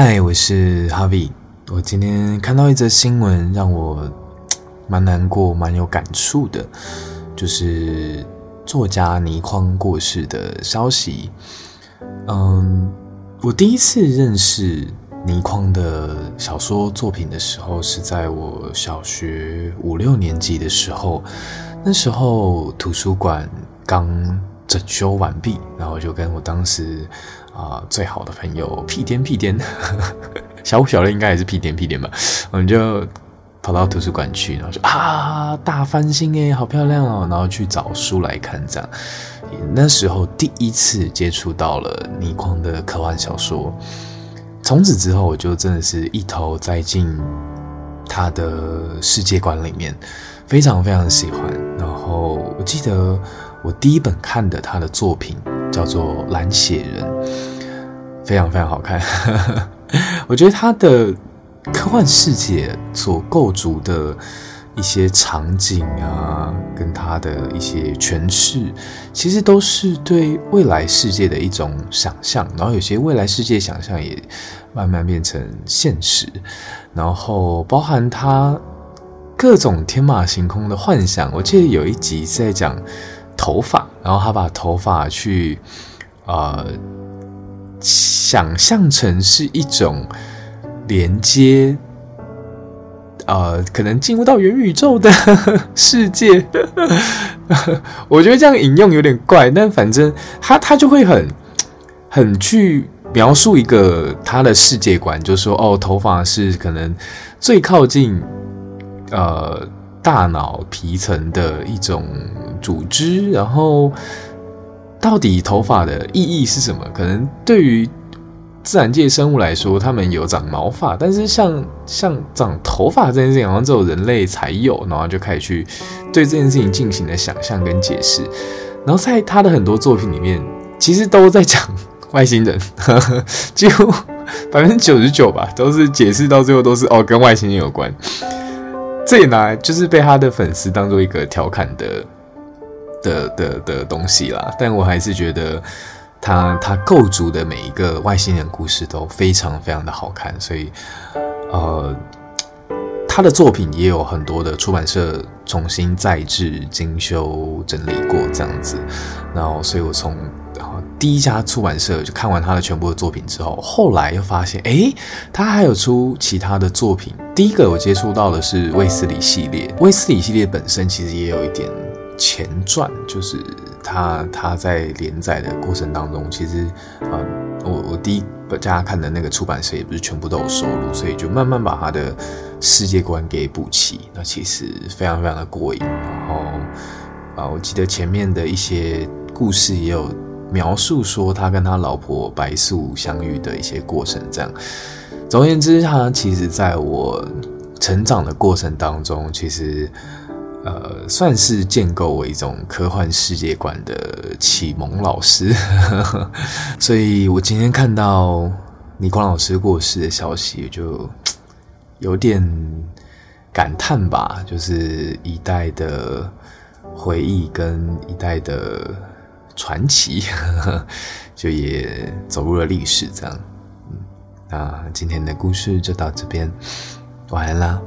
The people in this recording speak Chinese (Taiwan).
嗨，我是 Harvie。我今天看到一則新聞，讓我蠻難過、蠻有感觸的，就是作家倪匡過世的消息。嗯，我第一次認識倪匡的小說作品的時候，是在我小學五六年級的時候。那時候圖書館剛整修完畢，然後就跟我當時。啊，最好的朋友屁顛屁顛， 小五小六應該也是屁顛屁顛吧？我們就跑到圖書館去，然後就啊，大翻新誒，好漂亮哦！然後去找書來看，這樣。那時候第一次接觸到了倪匡的科幻小說，從此之後我就真的是一頭栽進他的世界觀裡面，非常非常喜歡。然後我記得我第一本看的他的作品叫做《藍血人》。非常非常好看， 我覺得他的科幻世界所構築的一些場景啊，跟他的一些詮釋，其實都是對未來世界的一種想象然後有些未來世界想象也慢慢變成現實，然後包含他各種天馬行空的幻想。我記得有一集是在講頭髮，然後他把頭髮去呃。想象成是一種連接，呃，可能進入到元宇宙的 世界。 我覺得這樣引用有點怪，但反正他他就會很很去描述一個他的世界觀，就說哦，頭髮是可能最靠近呃大腦皮層的一種組織，然後到底頭髮的意義是什麼？可能對於自然界生物來說，他們有長毛髮，但是像像長頭髮這件事情，好像只有人類才有，然後就開始去對這件事情進行了想象跟解釋，然後在他的很多作品裡面，其實都在講外星人，呵呵，幾乎百分之九十九吧，都是解釋到最後都是哦跟外星人有關，這也拿來就是被他的粉絲當做一個調侃的的的的，的東西啦，但我還是覺得。他他構築的每一個外星人故事都非常非常的好看，所以，呃，他的作品也有很多的出版社重新再製、精修、整理過這樣子。然後，所以我從然後第一家出版社就看完他的全部的作品之後，後來又發現，誒，他還有出其他的作品。第一個我接觸到的是衛斯理系列，衛斯理系列本身其實也有一點前傳，就是。他他在連載的過程當中，其實，啊，我我第一家看的那個出版社也不是全部都有收錄，所以就慢慢把他的世界觀給補齊。那其實非常非常的過癮。然後啊，我記得前面的一些故事也有描述說他跟他老婆白素相遇的一些過程。這樣，總而言之，他其實在我成長的過程當中，其實。呃，算是建構我一種科幻世界觀的啟蒙老師，呵呵，所以我今天看到倪匡老師過世的消息，就有點感嘆吧，就是一代的回憶跟一代的傳奇，呵呵，就也走入了歷史，這樣。嗯，那今天的故事就到這邊，晚安啦。